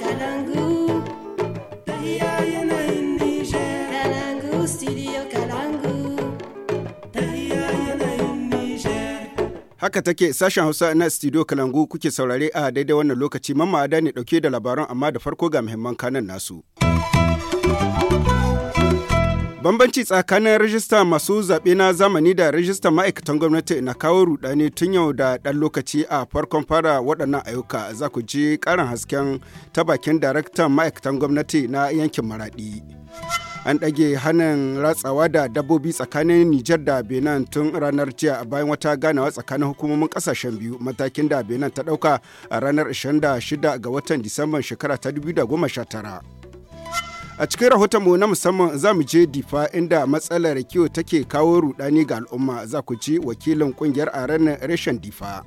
Kalangu. yanayin Haka take sashen Hausa na studio Kalangu kuke saurare a daidai wannan lokaci mamma da ne dauke da labaran amma da farko ga muhimman kanan nasu. Bambanci tsakanin rajista masu zaɓe na zamani da rajista ma'aikatan gwamnati na kawo rudani tun yau da ɗan lokaci a farkon fara waɗannan ayyuka za ku ji ƙarin hasken ta bakin daraktan ma'aikatan gwamnati na yankin maraɗi. An ɗage hannun ratsawa da dabbobi tsakanin Nijar da Benin tun ranar jiya bayan wata ganawa tsakanin hukumomin ƙasashen biyu matakin da Benin ta ɗauka a ranar 26 ga watan Disamban shekara ta 2019. A cikin rahoton mu na musamman za mu je difa inda matsalar kiwo take kawo rudani ga al'umma za ku ci wakilin kungiyar a ranar reshen difa.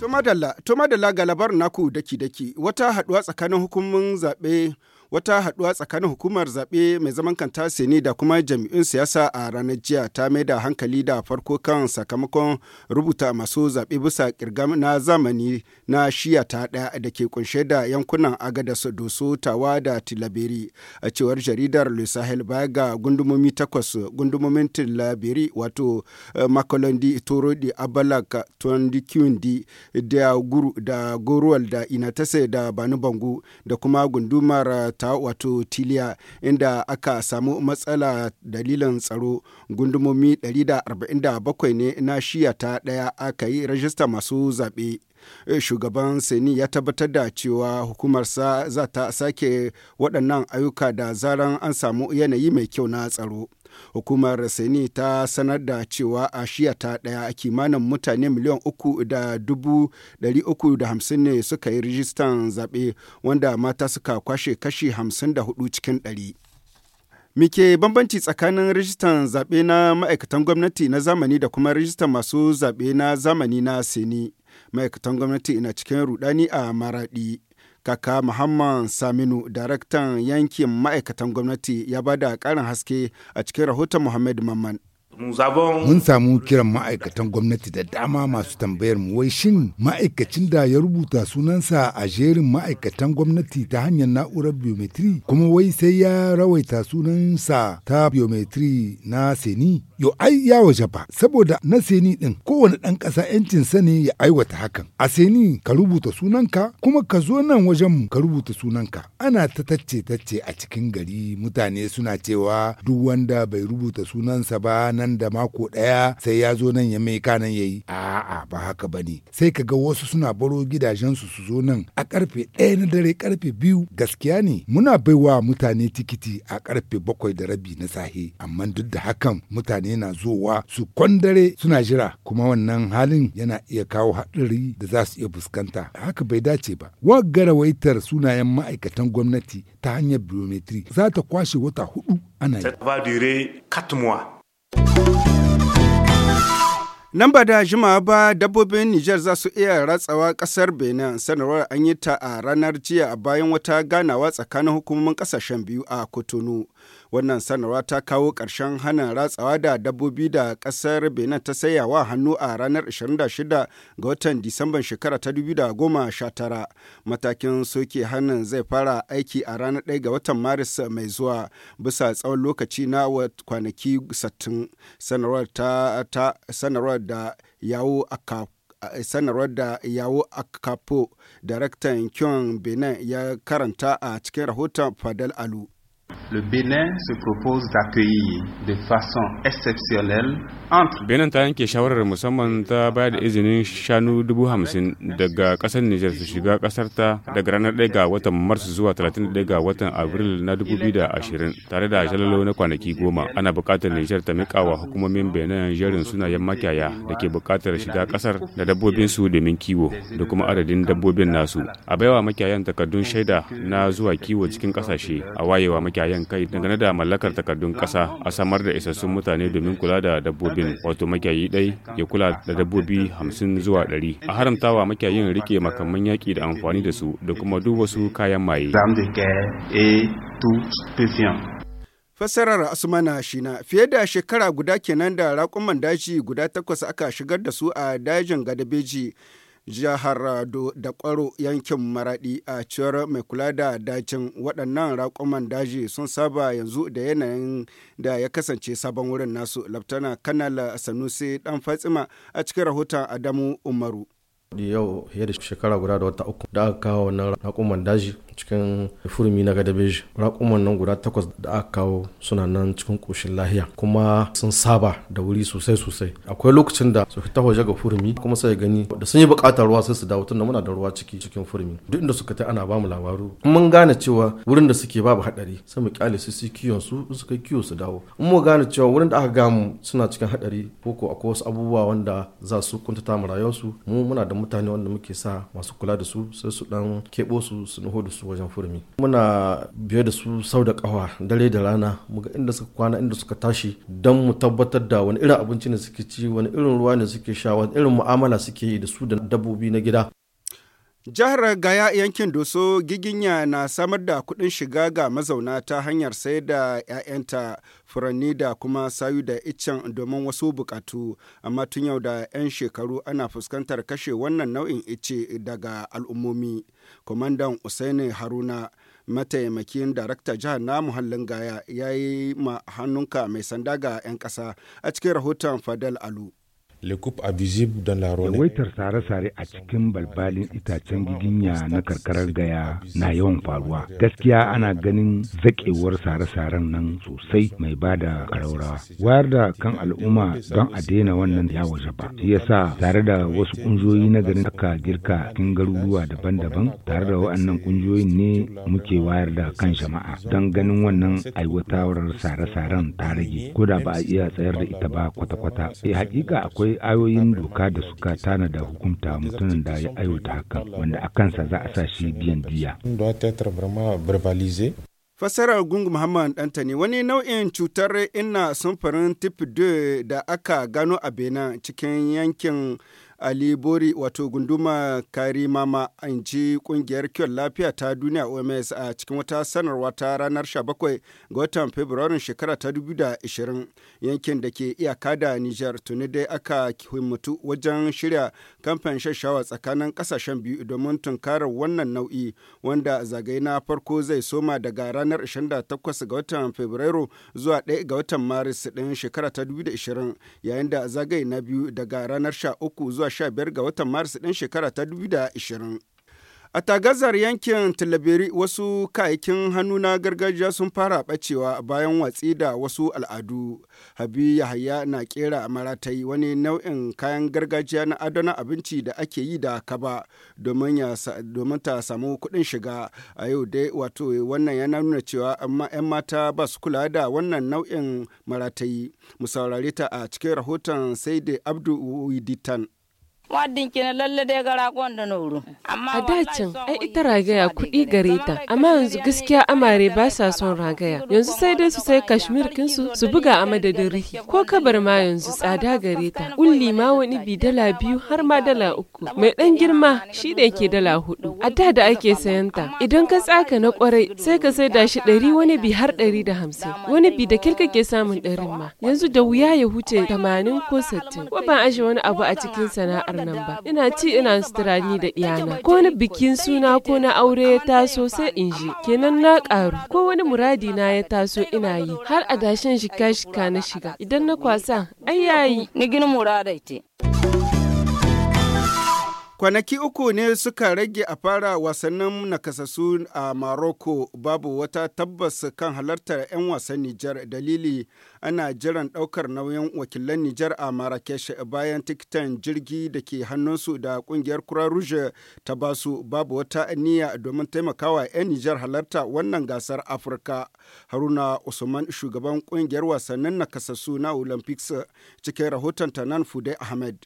Tumadala, tumadala ga labar naku daki-daki wata haɗuwa tsakanin hukumin zaɓe wata haduwa tsakanin hukumar zaɓe mai zaman kanta seni da kuma jami'un siyasa a ranar jiya ta mai da hankali da farko kan sakamakon rubuta masu zaɓe bisa kirgam na zamani na shiya ta ɗaya da ke kunshe da yankunan agadas doso tawa da tilaberi a cewar jaridar le sahel baya ga gundumomi takwas gundumomin tilaberi wato eh, makolondi torodi abalak tondikiundi da guru da goruwal da inatase da banu bangu da kuma gundumar eh, ta wato tiliya inda aka samu matsala dalilan tsaro gundumomi 147 ne na shiya ta daya aka yi rajista masu zaɓe. Eh, shugaban seni ya tabbatar da cewa hukumarsa za ta sake waɗannan ayyuka da zaran an samu yanayi mai kyau na tsaro. Hukumar Seni ta sanar da cewa a shiya ta ɗaya kimanin mutane miliyan uku da dubu ɗari uku da hamsin ne suka yi rijistan zaɓe wanda mata suka kwashe kashi hamsin da hudu cikin ɗari. Mike bambanci tsakanin rijistan zaɓe na ma'aikatan gwamnati na zamani da kuma rijistan masu zaɓe na zamani na Seni. Ma'aikatan gwamnati na cikin rudani a Maraɗi. Kaka Muhammad Saminu, daraktan yankin ma'aikatan gwamnati ya bada ƙarin haske a cikin rahoton Muhammad Mamman. Mun samu kiran ma'aikatan gwamnati da dama masu tambayar mu wai shin ma'aikacin da ya rubuta sunansa a jerin ma'aikatan gwamnati ta hanyar na'urar biometri kuma wai sai ya rawaita sunansa ta biometri na seni? Yo ai ya waje ba saboda na seni din kowane ɗan ƙasa yancin sa ne ya aiwata hakan. A seni ka rubuta sunanka kuma ka zo nan wajen mu ka rubuta sunanka. Ana ta tacce tacce a cikin gari mutane suna cewa duk wanda bai rubuta sunansa ba na nan da mako ɗaya sai ya zo nan ya mai kanan ya yi a'a ba haka ba ne sai ka ga wasu suna baro gidajensu su zo nan a karfe ɗaya na dare karfe biyu gaskiya ne muna baiwa mutane tikiti a karfe bakwai da rabi na sahe amma duk da hakan mutane na zowa su kwandare suna jira kuma wannan halin yana iya kawo haɗari da za su iya fuskanta haka bai dace ba wa garawaitar sunayen ma'aikatan gwamnati ta hanyar biometri za ta kwashe wata hudu ana yi. Nan ba da jimawa ba dabbobin Nijar za su iya ratsawa kasar Benin sanarwar an yi ta a ranar jiya a bayan wata ganawa tsakanin hukumomin kasashen biyu a Kotonu. Wannan sanarwa ta kawo ƙarshen hana ratsawa da dabbobi da ƙasar Benin ta sayawa hannu a ranar 26 ga watan Disamban shekara ta 2019. Matakin soke hannun zai fara aiki a ranar 1 ga watan Maris mai zuwa bisa tsawon lokaci na kwanaki 60. Sanarwar ta, ta sanarwar da yawo a sanarwar da yawo akapo daraktan kyon benin ya karanta a cikin rahoton fadal alu le Bénin se propose d'accueillir de façon exceptionnelle entre Benin ta yanke shawarar musamman ta bayar da izinin shanu 50,000 daga kasar Nijar su shiga kasar ta daga ranar 1 ga watan Mars zuwa 31 ga watan Abril na 2020 tare da shalalo na kwanaki goma ana buƙatar Nijar ta miƙa wa hukumomin Benin jerin sunayen makiyaya da ke buƙatar shiga kasar da dabbobin su domin kiwo da kuma adadin dabbobin nasu a baiwa makiyayan takardun shaida na zuwa kiwo cikin kasashe a wayewa makiyayan 'yan kai dangane da mallakar takardun ƙasa a samar da isassun mutane domin kula da dabbobin wato makiyayi dai ya kula da dabbobi hamsin zuwa ɗari a haramtawa makiyayin rike makamman yaƙi da amfani da su da kuma duk wasu kayan maye. Fassarar Asmana Shina fiye da shekara guda kenan da raƙuman daji guda takwas aka shigar da su a dajin Gadabeji jihar rado da kwaro yankin maradi a cewar mai kula da dajin waɗannan raƙuman daji sun saba yanzu da yanayin da ya kasance sabon wurin nasu laftana kanal sanusi dan fatsima a cikin rahoton adamu umaru yau fiye da shekara guda da wata uku da aka kawo wannan rakuman daji cikin furumi na gadabeji raƙuman nan guda takwas da aka kawo suna nan cikin ƙoshin lahiya kuma sun saba da wuri sosai sosai akwai lokacin da su fita waje ga furumi kuma sai gani da sun yi buƙatar ruwa sai su dawo tunda muna da ruwa ciki cikin furumi duk inda suka ta ana ba mu labaru mun gane cewa wurin da suke babu haɗari sai mu kyale su su kiyon su su kai kiyo su dawo in mu gane cewa wurin da aka gamu suna cikin haɗari ko ko akwai wasu abubuwa wanda za su kuntata mu su mu muna da mutane wanda muke sa masu kula da su sai su dan keɓo su su nuho da su su wajen furmi muna biye da su sau da kawa dare da rana muga inda suka kwana inda suka tashi don mu tabbatar da wani irin abinci ne suke ci wani irin ruwa ne suke sha wani irin mu'amala suke yi da su da dabbobi na gida Jihar Gaya yankin Doso Giginya na samar da kuɗin shiga ga mazauna ta hanyar sayar da 'ya'yanta furanni da kuma sayu da iccen domin wasu bukatu amma tun yau da 'yan shekaru ana fuskantar kashe wannan nau'in ice daga al'ummomi. Kwamandan Usaini Haruna mataimakin darakta jihar na muhallin Gaya ya yi ma hannunka mai sanda ga 'yan ƙasa a cikin rahoton Fadal Alu. waitar sare-sare a cikin balbalin itacen giginya na karkarar gaya na yawan faruwa. Gaskiya ana ganin zakewar sare-saren nan sosai mai ba da karaurawa. Wayar da kan al'umma don a daina wannan ya waje ba. ya yasa tare da wasu kungiyoyi na garin aka girka cikin garuruwa daban-daban tare da waɗannan kungiyoyin ne muke wayar da kan jama'a don ganin wannan aiwatawar sare-saren ta rage. Ko da ba a iya tsayar da ita ba kwata-kwata. eh hakika akwai akwai ayoyin doka da suka tana da hukunta mutumin da ya aiwata hakan wanda a kansa za a sa shi biyan diya. Fasarar Gungu Muhammad Dantani wani nau'in cutar ina samfarin tip da aka gano a Benin cikin yankin ali bori wato gunduma karimama an ji kungiyar kiwon lafiya ta duniya oms a cikin wata sanarwa ta ranar 17 ga watan fabrairun shekara ta 2020 yankin da ke iyaka da niger tuni dai aka himmatu wajen shirya kamfen shashawa tsakanin kasashen biyu domin tunkarar wannan nau'i wanda zagaye na farko zai soma daga ranar 28 ga watan fabrairu zuwa 1 ga watan maris din shekara ta 2020 yayin da zagaye na biyu daga ranar 13 zuwa 15 ga watan Maris ɗin shekara ta 2020. A tagazar yankin Talabiri wasu kayakin hannu na gargajiya sun fara bacewa bayan watsi da wasu al'adu. Habi Yahaya na kera maratai wani nau'in kayan gargajiya na adana abinci da ake yi da kaba domin ta samu kuɗin shiga. A yau dai wato wannan yana nuna cewa amma 'yan mata ba su kula da wannan nau'in maratai. Mu saurare ta a cikin rahoton sai da Abdu Widitan. wadin kina lalle dai gara da nuru amma a dacin ai ita ragaya kuɗi gare ta amma yanzu gaskiya amare ba sa son ragaya yanzu sai dai su sai kashmir kinsu su buga a madadin rihi ko kabar ma yanzu tsada gare ta ulli ma wani bi dala biyu har ma dala uku mai dan girma shi da yake dala hudu a da da ake sayan ta idan ka tsaka na kwarai sai ka sai da shi ɗari wani bi har ɗari da hamsin wani bi da kirka ke samun ɗarin ma yanzu da wuya ya huce tamanin ko sittin ko ban aje wani abu a cikin sana'ar nan ba ina ci ina sutura da iyana ko wani bikin suna ko na aure ya taso sai in ji kenan na karu ko wani muradi na ya taso ina yi har adashin shika shika na shiga idan na kwasa ai ni gina muradai Kwanaki uku ne suka rage a fara wasannin nakasassu a Morocco babu wata tabbas kan halartar 'yan wasan Nijar dalili ana jiran daukar nauyin wakilan Nijar a Marrakesh bayan tikitan jirgi da ke hannunsu da kungiyar Croix Rouge ta basu babu wata niyya domin taimakawa 'yan Nijar halarta wannan gasar Afirka. Haruna Usman shugaban kungiyar wasannin nakasassu na Olympics cikin rahoton nan Fude Ahmed.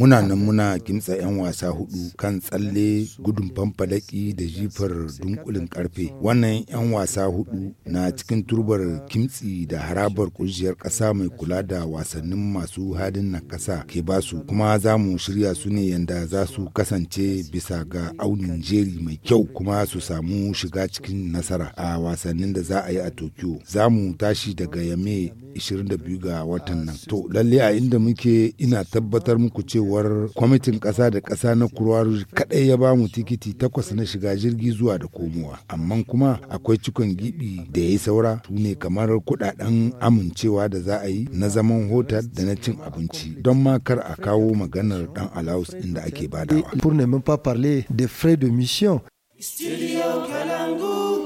Muna nan muna kimtsa 'yan wasa hudu kan tsalle gudun fanfalaki da jifar dunkulin karfe. Wannan 'yan wasa hudu na cikin turbar kimtsi da harabar kungiyar kasa mai kula da wasannin masu hadin na kasa ke basu kuma za mu shirya su ne yanda za su kasance bisa ga aunin jeri mai kyau kuma su samu shiga cikin nasara a wasannin da za a yi a Tokyo. Za mu tashi daga Yame 22 ga watan nan to lalle a inda muke ina tabbatar muku cewar kwamitin ƙasa da ƙasa na kurwaru kaɗai ya ba mu tikiti takwas na shiga jirgi zuwa da komowa amma kuma akwai cikon gibi da ya yi saura su ne kamar kuɗaɗen amincewa da za a yi na zaman hotel da na cin abinci don ma kar a kawo maganar ɗan alaus inda ake badawa. Eh, pour ne même pas parler des frais de mission.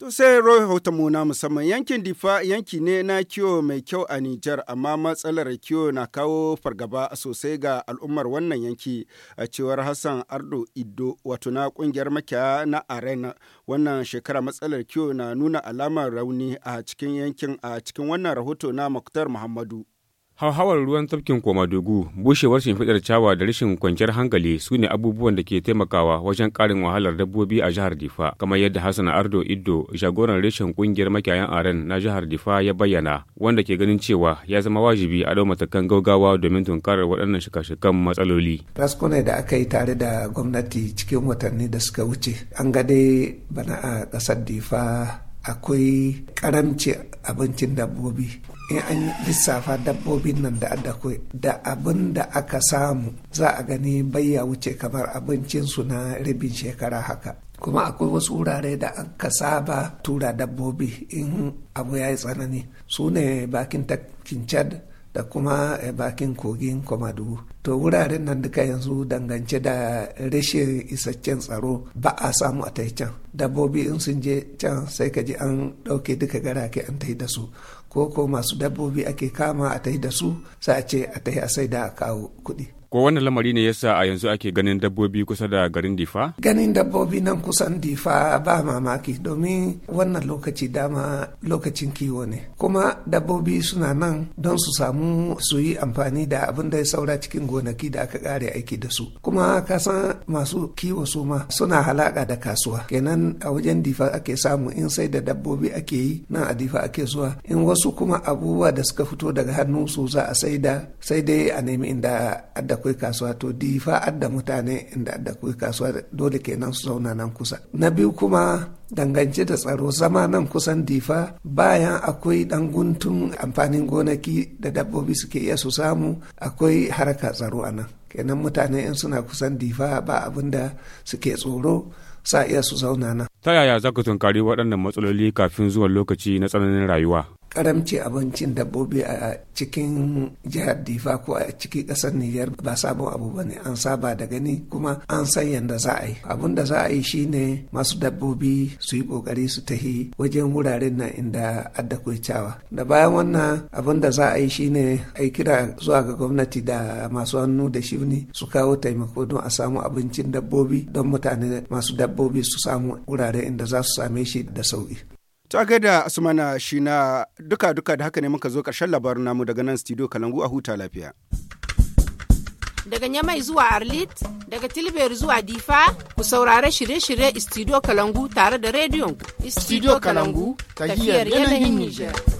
To sai rahoton mu na musamman yankin Difa yanki ne na kiwo mai kyau a Nijar amma matsalar kiwo na kawo fargaba sosai ga al'ummar wannan yanki a cewar Hassan Ardo ido wato na kungiyar makiya na Arena wannan shekara matsalar kiwo na nuna alamar rauni a cikin yankin a cikin wannan rahoto na Muktar Muhammadu. hauhawar ruwan tafkin komadugu bushewar shimfiɗar cawa da rashin kwanciyar hankali su ne abubuwan da ke taimakawa wajen ƙarin wahalar dabbobi a jihar difa kamar yadda hassan ardo iddo jagoran rashin ƙungiyar makiyayan aren na jihar difa ya bayyana wanda ke ganin cewa ya zama wajibi a matakan gaugawa domin tunkarar waɗannan shika-shikan matsaloli ne da aka yi tare da gwamnati cikin watanni da suka wuce an ga dai bana a ƙasar difa akwai karamci abincin dabbobi in an lissafa dabbobi nan da kai da abin da aka samu za a gani bayya wuce kamar abincin su na rabin shekara haka kuma akwai wasu wurare da aka saba tura dabbobi in abu ya yi tsanani su ne bakin takin chad da kuma eh, bakin kogin komadu to wuraren nan duka yanzu dangance da rashin isaccen tsaro ba a samu a can dabbobi in sun je can sai ka ji an ɗauke duka garake an tai da su ko ko masu dabbobi ake kama a tai da su sai a ce a tai a sai da a kawo kuɗi ko wannan lamari ne yasa a yanzu ake ganin dabbobi kusa da garin difa ganin dabbobi nan kusan difa ba mamaki domin wannan lokaci dama lokacin kiwo ne kuma dabbobi suna nan don su samu su yi amfani da abin da ya saura cikin gonaki da aka kare aiki da su kuma ka san masu kiwo su ma suna halaka da kasuwa kenan a wajen difa ake samu in sai da dabbobi ake yi nan a difa ake zuwa in wasu wasu kuma abubuwa da suka fito daga hannunsu su za a saida sai dai a nemi inda adda kai kasuwa to difa adda mutane inda adda kai kasuwa dole kenan su zauna nan kusa na biyu kuma dangance da tsaro zama nan kusan difa bayan akwai dan guntun amfanin gonaki da dabbobi suke iya su samu akwai harka tsaro a nan kenan mutane in suna kusan difa ba abin da suke tsoro sa iya su zauna nan ta yaya za ka tunkari waɗannan matsaloli kafin zuwan lokaci na tsananin rayuwa karamci abincin dabbobi a cikin jihar difa ko a cikin ƙasar niger ba sabon abu ba ne an saba da gani kuma an san yadda za a yi abun da za a yi shine masu dabbobi su yi kokari su tahi wajen wuraren nan inda adda kwaikyawa da bayan wannan abun da za a yi shine a yi kira zuwa ga gwamnati da masu hannu da shirni su kawo taimako don a samu abincin dabbobi don mutane masu dabbobi su samu wurare inda za su same shi da sauƙi To a gaida Asumana shi na duka-duka da haka ne muka zo karshen labarin namu daga nan studio Kalangu a huta lafiya. Daga Nyamai zuwa Arlit, daga Tilber zuwa Difa, ku saurare shirye-shirye Studio Kalangu tare da rediyon Studio Kalangu, tahiyar yanayin Nijar.